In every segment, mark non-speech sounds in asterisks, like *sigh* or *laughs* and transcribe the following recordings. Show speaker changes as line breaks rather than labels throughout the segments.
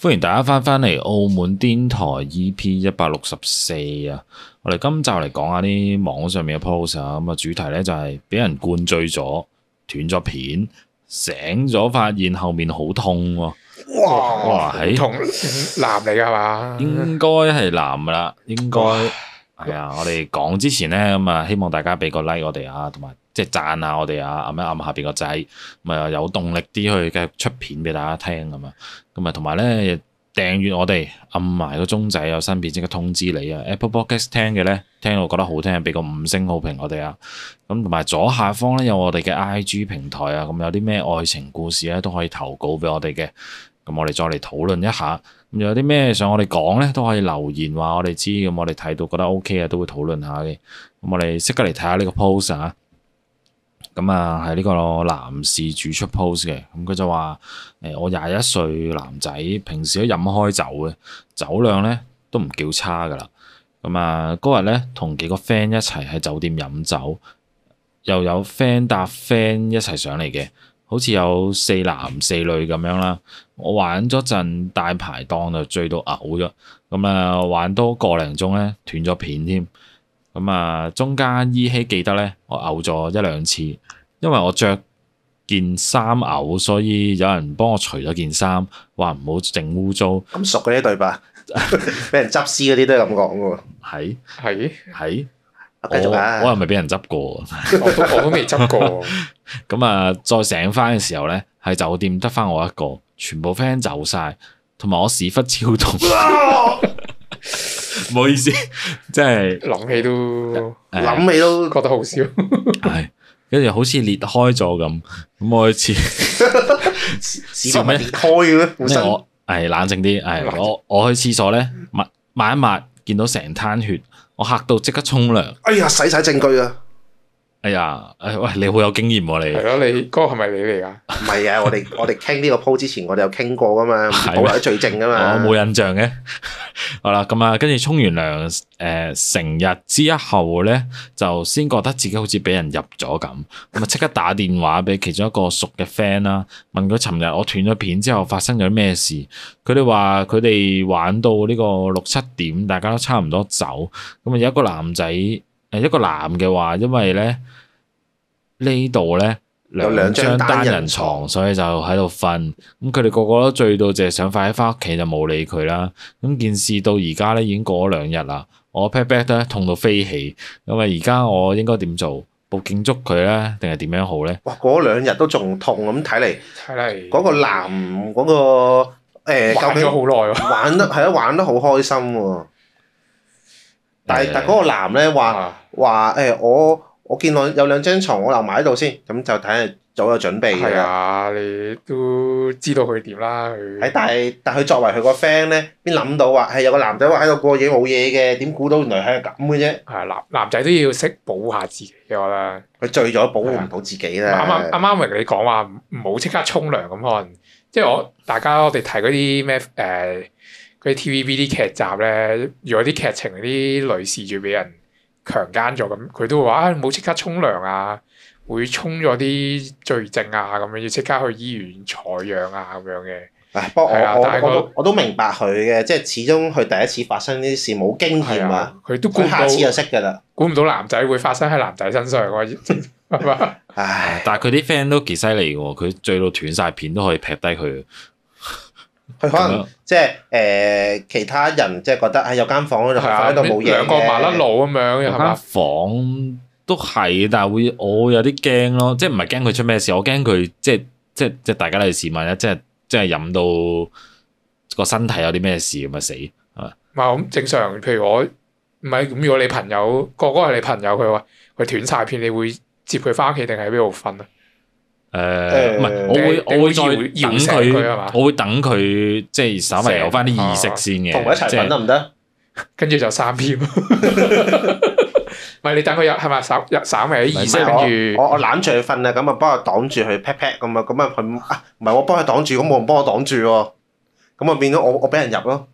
歡迎大家翻返嚟澳門癲台 EP 一百六十四啊！我哋今集嚟講下啲網上面嘅 post 啊，咁啊主題呢就係俾人灌醉咗，斷咗片，醒咗發現後面好痛
喎！哇哇喺痛，男嚟噶嘛？應
該係男噶啦，應該係啊！我哋講之前呢，咁啊，希望大家俾個 like 我哋啊，同埋。即係讚下我哋啊，按一按下邊個仔，咁啊有動力啲去繼續出片俾大家聽咁啊。咁啊，同埋咧訂閱我哋按埋個鐘仔，有新片即刻通知你啊。Apple Podcast 聽嘅咧，聽到覺得好聽，俾個五星好評我哋啊。咁同埋左下方咧有我哋嘅 I G 平台啊，咁有啲咩愛情故事咧、啊、都可以投稿俾我哋嘅。咁我哋再嚟討論一下，咁有啲咩想我哋講咧都可以留言話我哋知。咁我哋睇到覺得 O K 啊，都會討論下嘅。咁我哋即刻嚟睇下呢個 post 啊！咁啊，係呢、嗯、個男事主出 post 嘅，咁、嗯、佢就話：誒、欸，我廿一歲男仔，平時都飲開酒嘅，酒量咧都唔叫差噶啦。咁、嗯、啊，嗰日咧同幾個 friend 一齊喺酒店飲酒，又有 friend 搭 friend 一齊上嚟嘅，好似有四男四女咁樣啦。我玩咗陣大排檔就醉到嘔咗，咁、嗯、啊玩多個零鐘咧斷咗片添。咁啊，中間依稀記得咧，我嘔咗一兩次，因為我着件衫嘔，所以有人幫我除咗件衫，話唔好整污糟。咁熟嗰啲對白，
俾 *laughs* *laughs* 人執屍嗰啲都係咁講嘅
喎。係係我我又未俾人執過， *laughs* 我都未執過。咁啊，再醒翻嘅時候咧，喺酒店得翻我一個，全部 friend 走晒，同埋我屎忽超痛。 *laughs* *laughs* 唔好意思，即係
諗起都諗唉起都覺得好笑，
係跟住好似裂開咗咁咁，我去廁，
屎裂開嘅咩？我
係冷靜啲，係我我去廁所咧抹、抹一抹，見到成灘血，我嚇到即刻沖涼。哎
呀，洗晒證據啊！
哎呀，誒喂，你好有經驗喎、啊！你係
咯，那個、是是你嗰個係咪你嚟噶？唔係啊，我哋我哋傾呢個鋪之前，我哋有傾過噶嘛，保留啲罪證噶嘛。 *laughs* 我冇
印象嘅。 *laughs* 好啦，咁啊，跟住沖完涼，誒、呃，成日之後咧，就先覺得自己好似俾人入咗咁，咁啊，即刻打電話俾其中一個熟嘅 friend 啦， *laughs* 問佢尋日我斷咗片之後發生咗咩事。佢哋話佢哋玩到呢個六七點，大家都差唔多走，咁啊有一個男仔。誒一個男嘅話，因為咧呢度咧有兩張單人床，人床所以就喺度瞓。咁佢哋個個都醉到，淨係想快啲翻屋企，就冇理佢啦。咁件事到而家咧已經過咗兩日啦。我 pat pat 得痛到飛起，咁為而家我應該點做？報警捉佢咧，定係點樣好咧？
哇！嗰兩日都仲痛，咁睇嚟，睇嚟嗰個男嗰、嗰個誒，究、呃、竟玩，玩得係啊？玩得好開心喎！但係，但嗰個男咧話話誒我我見到有兩張床，我留埋喺度先，咁就睇下早有準備㗎。係啊，你都知道佢點啦。佢喺但係，但係佢作為佢個 friend 咧，邊諗到話係有個男仔喺度過夜冇嘢嘅？點估到原來喺度咁
嘅啫？係男男仔都要識保護下自己嘅㗎啦。佢醉咗，保護唔到自己啦。啱啱啱啱同你講話，唔好即刻沖涼咁可能，即係我大家我哋提嗰啲咩誒。呃佢 TVB 啲劇集咧，如果啲劇情啲女士要俾人強姦咗咁，佢都會話：啊，冇即刻沖涼啊，會沖咗啲罪證啊，咁樣要即刻去醫院採樣啊，咁樣嘅。啊，不過我、啊、我我，但、那個、我都
我都明白佢嘅，即係始終佢第一次發生呢啲事冇經驗啊。佢、
啊、都估下次就識噶啦。估唔到男仔會發生喺男仔身上喎。唉，
但係佢啲 friend 都幾犀利喎，佢醉到斷晒片都可以劈低佢。佢可能
即係誒，樣其他人即係覺得喺有間房度，喺度冇嘢，兩個麻甩佬
咁樣，間房都係，吧但係會我有啲驚咯，即係唔係驚佢出咩事，我驚佢即係即係即係大家嚟，市民，咧，即係即係飲到個身體有啲咩事咁啊死啊！
唔係咁正常，譬如我唔係咁，如果你朋友個個係你朋友，佢話佢斷晒片，你會接佢返屋企定係喺邊度瞓啊？
誒，唔係，我會我會再等佢，我會等佢即係稍微有翻啲意識先嘅，同埋一齊瞓得唔
得？跟住就三 P 咯，唔係你等佢入係嘛？稍稍微有啲意識，我我攬住佢瞓啊，咁啊
幫佢擋住佢 pat pat 咁啊，咁啊去啊，唔係我幫佢擋住，咁冇人幫我擋住喎，咁啊變咗我我俾人入咯。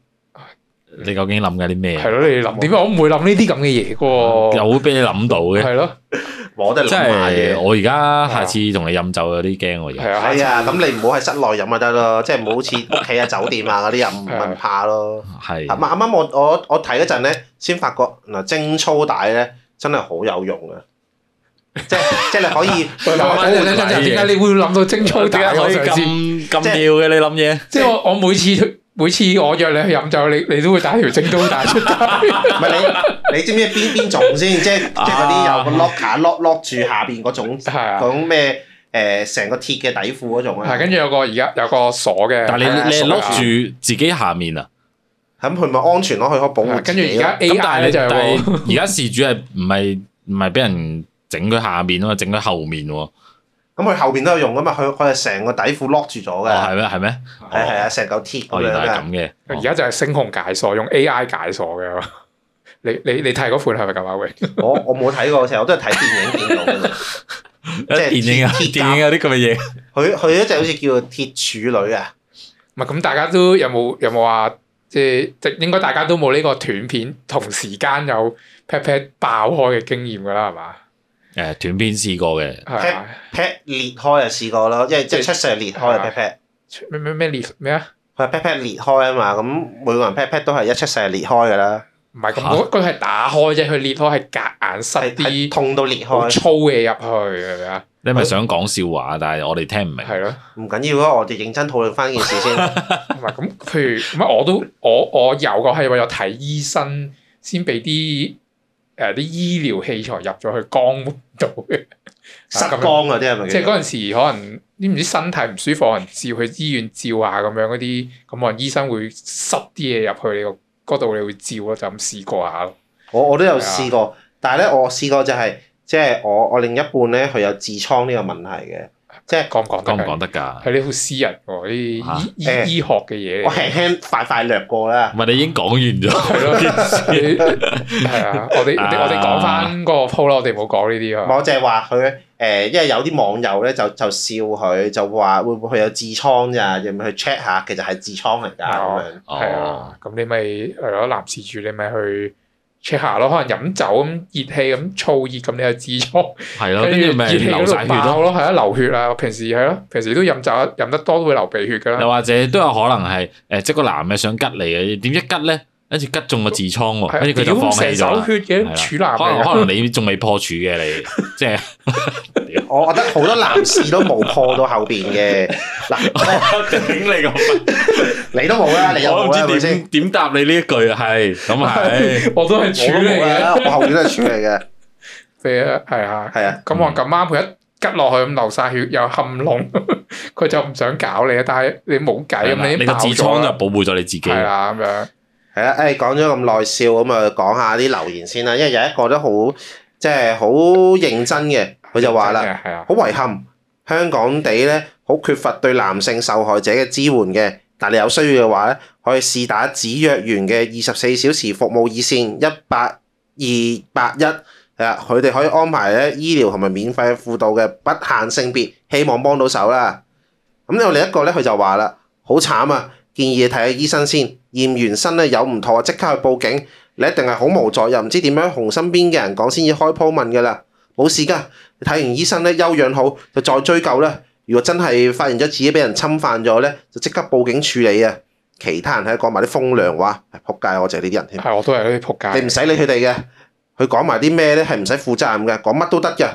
你究竟諗緊啲咩啊？係咯，你諗點解我唔會諗呢啲咁嘅嘢嘅？又會俾你諗到嘅？係咯。我得係諗埋嘅，我而家下次同你飲酒有啲驚喎。係
啊，咁你唔好喺室內飲啊得咯，即係唔好好似屋企啊、酒店啊嗰啲啊，唔係怕咯。係。啱啱我我我睇嗰陣咧，先發覺嗱，蒸粗帶咧真係好有用啊！
即即係你可以。點解你會諗到蒸粗帶可以咁咁妙嘅？你諗嘢？即係我我每次。每次我約你去飲酒，你你都會打條貞操帶出嚟。唔係你你知唔知
邊邊種先？即係即係嗰啲有個 locker lock lock 住下面嗰種，嗰種咩？
誒，成個鐵嘅底褲嗰種啊。係跟住有個而家有個鎖嘅，但係你你 lock 住
自己下面啊？
咁佢咪安全咯？佢可保護。跟住而家 A I 就而家
事主係唔係唔係俾人整佢下面啊嘛？整佢後面。
咁佢後邊都有用噶嘛？佢佢係成個底褲 lock 住咗嘅。哦，係咩？係咩嗎？係係啊，成嚿鐵咁樣嘅。咁嘅，而家就係星空解鎖，用 AI 解鎖嘅。 *laughs* 你你你睇嗰款係咪咁？阿榮？我我冇睇過，成日我都係睇電影見到嘅。
即係 *laughs* 電影啊！電影啊，啲咁嘅嘢。
佢佢嗰隻好似叫做鐵柱女啊。唔係，咁大家都有冇有冇話，即係即應該大家都冇呢個斷片，同時間有 pat pat 爆開嘅經驗噶啦，係嘛？
誒斷片試過嘅
pat pat
裂開又試過咯，因為即係出世裂開 pat pat，
咩咩咩裂咩啊？
佢話 pat pat 裂開啊嘛，咁每個人 pat pat 都係一出世、啊、裂開噶啦。唔係咁，佢佢係打開啫，佢
裂開係夾硬塞啲痛到裂開粗
嘢入去啊！
你係咪想講
笑話？啊、但係我哋聽唔明。係咯、啊，唔緊要咯，我哋認真討論翻件事先。唔係咁，譬如乜我都我我，我有我係話有睇醫生，先俾啲。誒啲、呃、醫療器材入咗去肛門度嘅，塞肛嗰啲係咪？啊、樣即係嗰陣時可能啲唔 *laughs* 知身體唔舒服，可能照去醫院照下咁樣嗰啲，咁可能醫生會塞啲嘢入去你個嗰度，你會照咯，就咁試過下咯。我我都有
試過，啊、但係咧我試過就係即係我我另一半咧佢有痔瘡呢個問題嘅。
即係講唔講得，講唔講得㗎。係啲好私人喎，啲醫醫學嘅嘢。
我輕
輕快快略過啦。
唔係你已經講完咗，係啊！我哋我哋講翻
個鋪啦，我哋唔好講呢啲啊。我就係話佢誒，因為有啲網友咧就就笑佢，就話會唔會佢有痔瘡咋？有冇去 check 下？其實係痔瘡嚟㗎。哦，係啊。
咁你咪誒？如果男事主，你咪去，check 下咯，可能飲酒咁熱氣咁燥熱咁，你就痔瘡，跟住熱氣流曬血咯，啊，係啊流血啊。平時係咯，平時都飲酒飲得多都會流鼻血噶啦，又或
者都有可能係誒，即係個男嘅想吉你嘅，點一吉咧？跟住吉中個痔瘡喎，跟住佢就放棄咗。射手血嘅處男嚟嘅，可能可能你仲未破處嘅你，即係。
我我覺得好多男士都冇破
到後邊嘅嗱，你你都冇啦，你我唔知點答你呢一句，係咁係，我都係處理嘅，我後邊都係處理
嘅，係啊，係啊，咁我咁啱佢一吉落去咁流晒血又冚窿，佢就唔想搞你啊，但係你冇計你個痔瘡就保
護咗你自己啦，
咁樣。係啦，誒講咗咁耐笑，咁啊講下啲留言先啦，因為有一個都好即係好認真嘅，佢就話啦，好遺憾香港地咧，好缺乏對男性受害者嘅支援嘅。但係你有需要嘅話咧，可以試打芷若園嘅二十四小時服務熱線一八二八一，係啊，佢哋可以安排咧醫療同埋免費輔導嘅，不限性別，希望幫到手啦。咁有另一個咧，佢就話啦，好慘啊！建議你睇下醫生先，驗完身咧有唔妥就即刻去報警。你一定係好無助，又唔知點樣同身邊嘅人講先至開鋪問噶啦。冇事噶，你睇完醫生咧休養好就再追究啦。如果真係發現咗自己俾人侵犯咗咧，就即刻報警處理啊！其他人喺度講埋啲風涼話，係、哎、仆街，我淨係呢啲人
添。係，我都係啲仆街你。你
唔使理佢哋嘅，佢講埋啲咩咧係唔使負責任嘅，講乜都得嘅。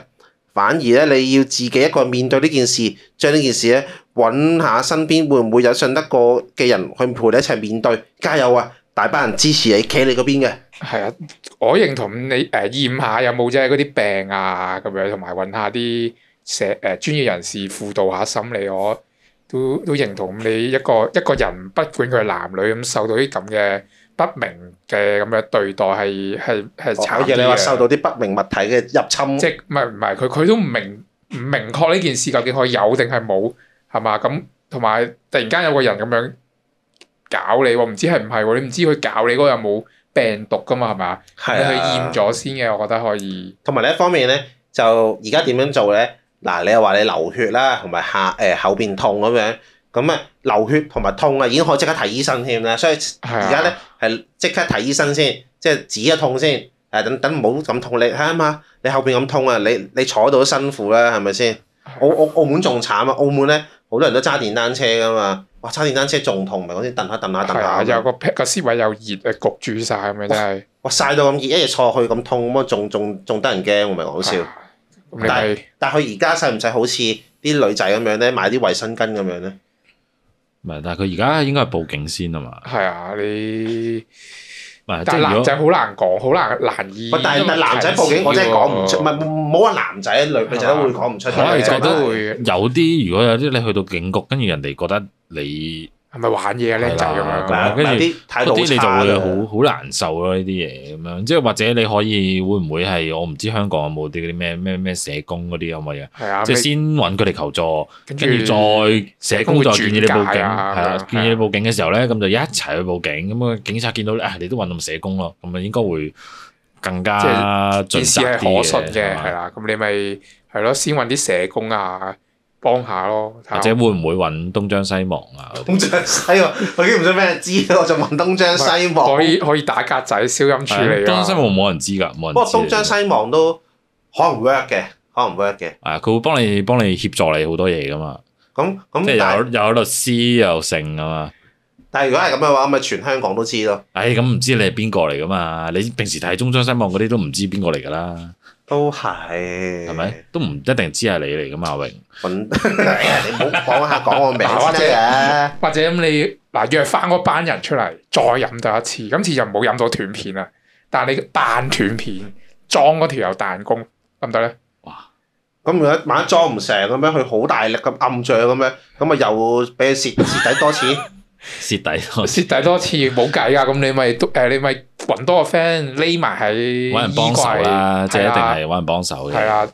反而咧你要自己一個面對呢件事，將呢件事咧。揾下身邊會唔會有信得過嘅人去陪你一
齊面對，加油啊！大班人支持你，企你嗰邊嘅。係啊，我認同你誒、呃，驗下有冇啫嗰啲病啊咁樣，同埋揾下啲社誒、呃、專業人士輔導下心理，我，我都都認同你一個一個人，不管佢係男女，咁受到啲咁嘅不明嘅咁嘅對待係係係慘嘅。你話受到啲不明物體嘅入侵，即係唔係唔係佢佢都唔明唔明確呢件事究竟佢有定係冇？係嘛？咁同埋突然間有個人咁樣搞你喎，唔、哦、知係唔係喎？你唔知佢搞你嗰個有冇病毒㗎嘛？係咪是啊？你去驗咗先嘅，我覺得可以。同埋呢一方面咧，就而家點樣做咧？嗱、啊，你又話你流
血啦，同埋下誒、呃、後邊痛咁樣，咁、嗯、啊流血同埋痛啊，已經可以即刻睇醫生添啦。所以而家咧係即刻睇醫生先，即係止一痛先。誒、呃、等等唔好咁痛，你睇下嘛，你後邊咁痛啊，你你坐到都辛苦啦，係咪先？澳澳澳門仲慘啊！澳門咧。好多人都揸電單車㗎嘛，哇，揸電單車仲痛，唔係講先揼下揼下揼下，下，係啊，有個劈個私位又熱，焗住晒。咁樣真係哇晒到咁熱，一日坐去咁痛，咁啊仲仲仲得人驚，我咪講笑。
唉但
係你是
但係佢而家使唔使好似啲女仔咁樣咧，買啲衛生巾咁樣咧？
唔係，但係佢而家應該係報警先啊嘛。
係啊，你。但
係男仔
好
難講，好難，難
以。但係但係男仔報警，我真係講唔出。唔係唔好話男仔，吧女女仔都會講唔出。我覺得會
吧有啲，如果有啲你去到警局，跟住人哋覺得你係咪玩嘢啊？呢集咁樣，嗰啲睇到你就會好好難受咯。呢啲嘢咁樣，即係或者你可以會唔會係我唔知香港有冇啲啲咩咩咩社工嗰啲咁嘅嘢？係啊，即係先揾佢嚟求助，跟住再社工再建議你報警，係啦，建議你報警嘅時候咧，咁就一齊去報警。咁啊，警察見到你，啊，你都揾到社工咯，咁啊，應該會更加準確啲嘅。係啦，
咁你咪係咯，先揾啲社工啊。幫下咯，
看看或者會唔會揾東張西望啊？
東張西 *laughs* *laughs* 我已經，我驚唔想俾人
知我就揾東張西望。可以
可以打格仔，消音處理。東張西望冇人知噶，冇人。不過東張
西望都可能 work 嘅，可能 work 嘅。
啊，佢會幫你幫你協助你好多嘢噶嘛。咁咁即係有有律師又剩噶嘛。但係如果係
咁嘅話，咪全香港都知咯。
唉、哎，咁唔知你係邊個嚟噶嘛？你平時睇東張西望嗰啲都唔知邊個嚟噶啦。都係，係咪？都唔一定知係你嚟噶嘛，榮、嗯。 *laughs* 你唔好講下講 *laughs* 我名，麻煩或者咁你，嗱約翻嗰班
人出嚟，再飲多一次。今次就唔好飲到斷片啦，但係你扮斷片，裝嗰條又彈弓，得唔得咧？哇！咁如果萬一裝唔成咁樣，佢好 *laughs* 大力咁暗著咁樣，咁咪又俾佢蝕蝕底多次。 *laughs* *laughs* 蝕底多，蝕底多次冇計、呃、啊。咁你咪誒，你咪搵多個 friend 匿埋喺，揾人幫手啦，即係一定係揾
人幫手嘅，係啦、
啊。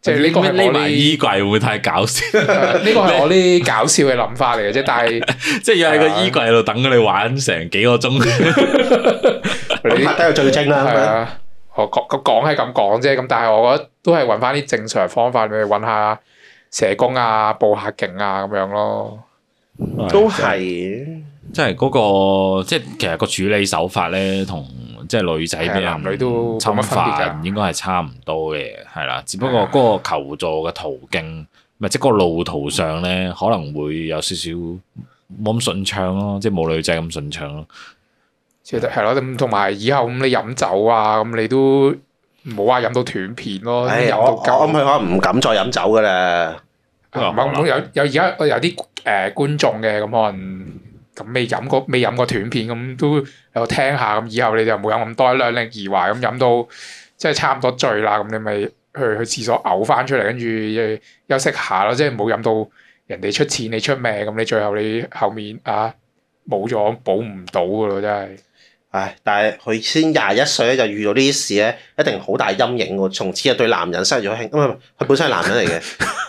即係呢個匿埋衣
櫃會唔會太搞笑？呢個係我
啲搞笑嘅諗法嚟嘅啫。但係
即係要喺個衣櫃度等佢哋玩成幾個鐘，
*laughs* 你拍低個最精啦。係、 *laughs* 嗯、啊，我講講係咁講啫。咁但係我覺得都係搵翻啲正常方法，你揾下社工啊，報下警啊，咁樣咯。
都係，即係嗰個即係、即係、其實個處理手法咧，同即係女仔咩男女都冇乜分別嘅，應該係差唔多嘅，係啦。只不過嗰個求助嘅途徑，咪即係個路途上咧，可能會有少少冇咁順暢咯，即係冇女仔咁順暢咯。
即係係咯，咁同埋以後咁你飲酒啊，咁你都冇話飲到斷片咯。唉、哎呀，我我咁，佢可能唔敢再飲酒噶啦。唔、嗯、好有有而家有啲誒、呃、觀眾嘅，咁可能咁，未飲過未飲過斷片，咁都有聽下，咁以後你就唔好飲咁多，量力而為，咁飲到即係差唔多醉啦，咁、嗯、你咪去去廁所嘔、呃、翻出嚟跟住休息下咯，即係唔好飲到人哋出錢你出命，咁、嗯、你最後你後面啊，冇咗補唔到㗎咯真係。唉，但係佢先廿一歲咧，就遇到呢啲事咧，一
定好大陰影喎。從此對男人失去咗興，唔係唔係，佢本身係男人嚟嘅，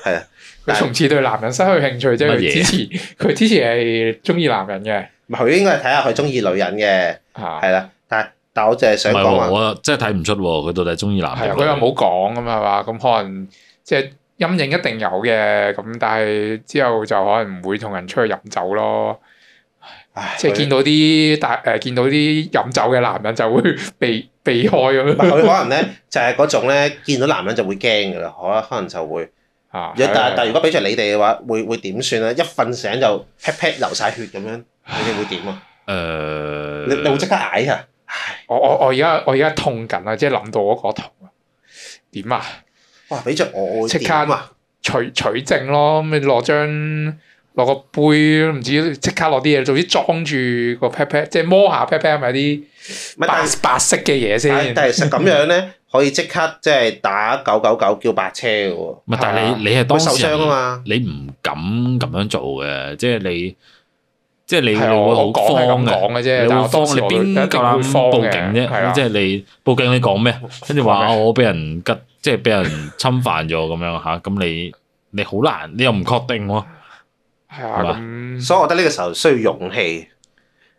係啊，佢從此對男人失去興趣啫。佢之前，佢之前係中意男人嘅，佢應該
係睇下佢中意女人嘅，係啦。 *laughs* 但係但我淨係想講，我
真係睇唔出喎，佢到底中意男人、嗯。佢、嗯、又
冇講咁啊嘛，咁可能即係陰影一定有嘅，咁但係之後就可能唔會同人出去飲酒咯。即係見到啲大誒，見到啲飲酒嘅男人就會避避開咁咯。佢可能咧，
就係嗰種咧，見到男人就會驚嘅，可可能就會吓。但但係，如果俾著你哋嘅話，會會點算咧？一瞓醒就 pat pat 流晒血咁樣，你哋會點啊？
誒，你你會即刻嗌啊？我我我而家我而家痛緊啊！即係諗到我個痛啊！點啊？哇！俾著我即刻取取證咯，咁你攞張。落個杯唔知即刻落啲嘢，總之裝住個 pat pat，即係摸下 pat pat 係咪啲白白色嘅嘢先？但係其實咁樣咧，可以即刻即係
打九九九叫白車嘅喎。係，但係你你係當受傷啊嘛？
你唔敢咁樣做嘅，即係你即係你會好慌嘅。講嘅啫，但係慌你邊敢報警啫？即係你報警你講咩？跟住話我俾人吉，即係俾人侵犯咗咁樣吓。咁你你好難，你又唔確定喎。
係啊，的所以我覺得呢個時候需要勇氣，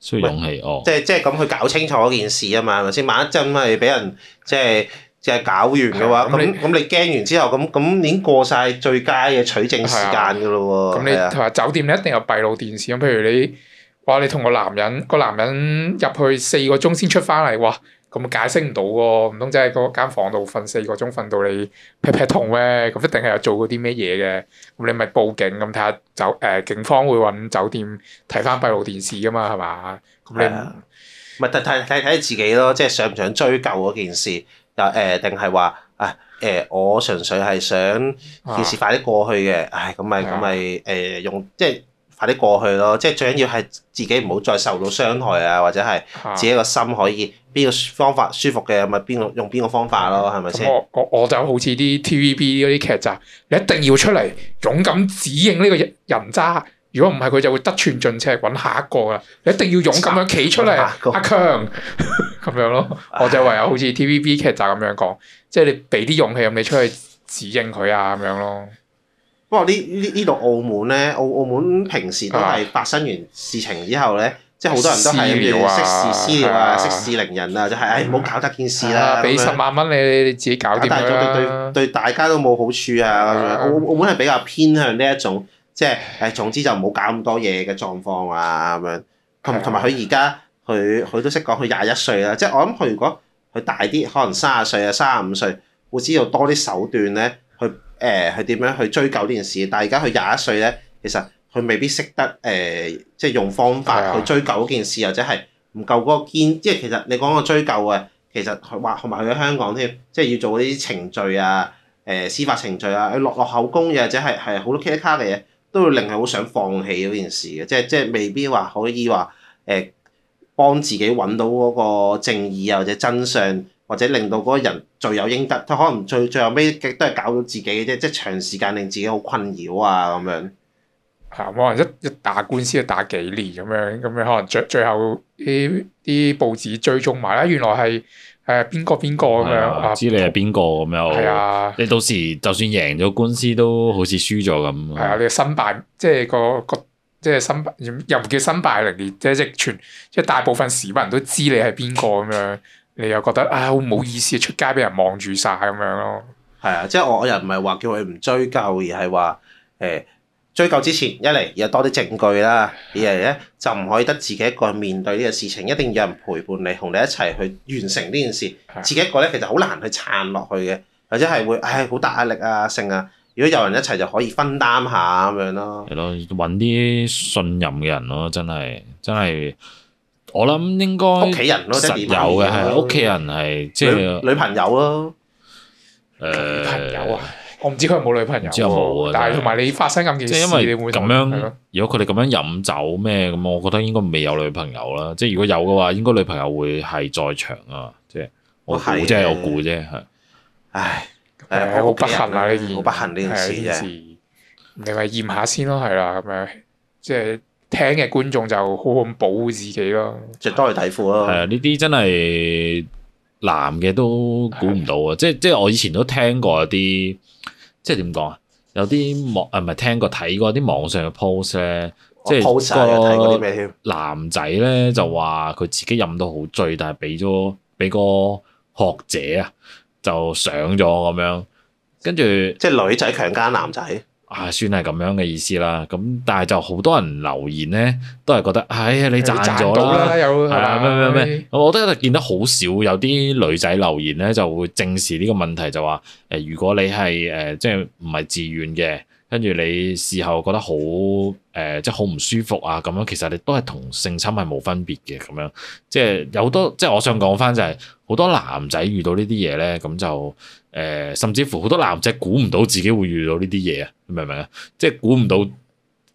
需要勇氣哦。
即係即係咁去搞清楚嗰件事啊嘛，係咪先？萬一即係咁俾人即係即係搞完嘅話，咁咁你驚完之後，咁咁已經過晒最佳嘅取證時間
㗎咯喎。咁的的你同埋的酒店你一定有閉路電視咁，譬如你話你同個男人個男人入去四個鐘先出翻嚟，哇！咁解釋唔到喎，唔通真係嗰間房度瞓四個鐘，瞓到你劈劈痛咩？咁一定係有做過啲咩嘢嘅，咁你咪報警咁睇下酒誒警方會揾酒店睇翻閉路電視㗎嘛，係嘛？咁你咪睇睇睇睇自己咯，即係想唔想追究嗰件事？又、呃、
誒，定係話啊誒，我純粹係想件事快啲過去嘅，啊、唉，咁咪咁咪誒用即係。啲過去咯，即係最緊要係自己唔好再受到傷害啊，或者係自己個心可以邊、啊、個方法舒服嘅，咪邊個用邊個方法
咯，係咪先？我就好似啲 TVB 嗰啲劇集，你一定要出嚟勇敢指認呢個人渣。如果唔係，佢就會得寸進尺，揾下一個啦。你一定要勇敢咁企出嚟，阿強咁樣咯。我就唯有好似 TVB 劇集咁樣講，啊、即係你俾啲勇氣咁，你出去指認佢啊咁樣咯。
不過呢呢呢度澳門咧，澳澳門平時都係發生完事情之後咧，啊、即係好多人都係諗息事息了啊、息、啊、事寧人啊，就係誒唔好搞得件事啦。俾十、啊、萬蚊你，你自己搞掂啦。對對，大家都冇好處啊。啊澳澳門係比較偏向呢一種，即係誒，總之就唔好搞咁多嘢嘅狀況啊咁樣。同同埋佢而家，佢佢、啊、都識講，佢廿一歲啦。即係我諗佢如果佢大啲，可能卅歲啊、卅五歲，會知道多啲手段咧。誒，佢點、呃、樣去追究呢件事？但係而家佢廿一歲咧，其實佢未必識得誒、呃，即係用方法去追究嗰件事，或者係唔夠嗰個堅。即係其實你講個追究啊，其實佢話同埋佢喺香港添，即係要做嗰啲程序啊，誒、呃、司法程序啊，佢落落口供又、啊、或者係係好多卡嚟，嘅都會令佢好想放棄嗰件事嘅，即係即係未必話可以話誒幫自己揾到嗰個正義或者真相。或者令到嗰個人罪有應得，佢可能最最後尾都係搞到自己嘅啫，即係長時間令自己好困擾啊
咁樣。吓！可能一一打官司一打幾年咁樣，咁樣可能最最後
啲啲報紙追蹤埋啦，原來係係邊個邊個咁樣？我知你係邊個咁樣。係啊！你到時就算贏咗官司，都好似輸咗咁。係
啊！你身敗，即係個個，即係身又唔叫身敗，名裂即係即傳，即係大部分市民都知你係邊個咁樣。你又覺得啊好唔好意思出街俾人望住晒咁樣咯？係啊，即係我我又唔係話叫佢唔追究，而係話誒
追究之前一嚟有多啲證據啦，二嚟咧就唔可以得自己一個面對呢個事情，一定要有人陪伴你，同你一齊去完成呢件事。的自己一個咧其實好難去撐落去嘅，或者係會唉好大壓力啊、性啊。如果有人一齊就可以分擔下咁樣咯。
係咯，搵啲信任嘅人咯，真係真係。真我諗應該屋企人咯，有嘅係屋企人係即係女朋友咯。女朋友啊，我
唔知佢係冇女朋友，冇啊。但係同埋你發生咁件事，因為你會咁樣。
如果佢哋咁樣飲酒咩咁，我覺得應該未有女朋友啦。即係如果有嘅話，應該女朋友會係在場啊。即
係我估啫，我估
啫嚇。唉，誒好不幸啊呢件，好不幸呢件事。
你咪驗下先咯，係啦咁樣，即係。聽嘅觀眾就好好咁保護自己咯，
着多啲底褲咯。係啊，呢啲真係男嘅都估唔到啊！到的即係即係我以前都聽過一啲，即係點講啊？有啲網誒，唔係聽過睇過啲網上嘅 post 咧，即係睇過啲咩添？男仔咧就話佢自己飲到好醉，但係俾咗俾個學者啊就上咗咁樣，跟住即係女仔強姦男仔。啊，算係咁樣嘅意思啦。咁但係就好多人留言咧，都係覺得，哎呀，你賺咗啦，有咩咩咩。我都覺得見得好少，有啲女仔留言咧，就會正視呢個問題，就話誒、呃，如果你係誒、呃，即係唔係自願嘅。跟住你事後覺得好誒、呃，即係好唔舒服啊！咁樣其實你都係同性侵係冇分別嘅，咁樣即係有好多，即係我想講返就係、是、好多男仔遇到呢啲嘢咧，咁就誒、呃，甚至乎好多男仔估唔到自己會遇到呢啲嘢啊！你明唔明啊？即係估唔到，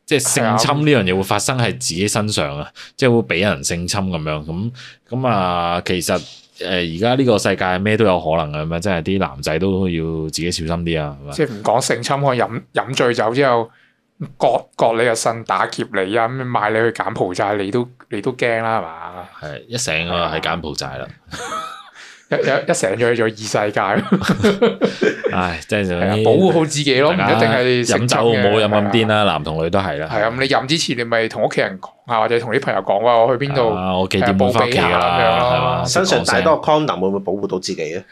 即係性侵呢樣嘢會發生喺自己身上啊！的即係會俾人性侵咁樣，咁咁啊，其實。誒，而家呢個世界咩都有可能嘅，咁啊，真係啲男仔都要自己小心啲啊，係嘛？即係唔講性侵，可以飲飲醉酒之後，
割割你個身，打劫你啊，賣你去柬埔寨，你都你都驚啦，係嘛？
係一醒是啊，喺柬埔寨啦。 *laughs* 一一一醒咗去咗異世界咯！唉，真係保護好自己咯，唔一定係飲酒，唔好飲咁癲啦，男同女都係啦。係啊，咁
你飲之前你咪同屋企人講啊，或者同啲朋友講話我去邊度，
我幾點報備下咁樣。身上帶多個 condom 會唔會
保護到自己咧？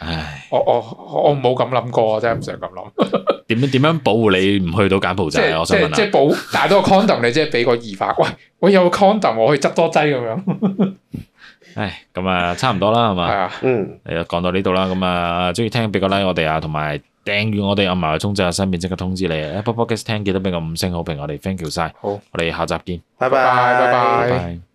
唉，我我我冇咁諗過，我真係唔想咁諗。
點樣點樣保護你唔去到柬埔寨？我想問即係即係
保帶多個 condom，你即係俾個二法。喂，我有個 condom，我去執多劑咁樣。
唉，咁啊，差唔多啦，係咪，嗯，你就講到呢度啦，咁啊，中意聽畀個、like、我哋啊，同埋訂閱我哋阿埋鐘仔出新片，即刻通知你啊，Apple Podcast 聽，10, 記得畀個五星好評，我哋 thank you 晒，好，我哋下集見，
拜拜，拜拜。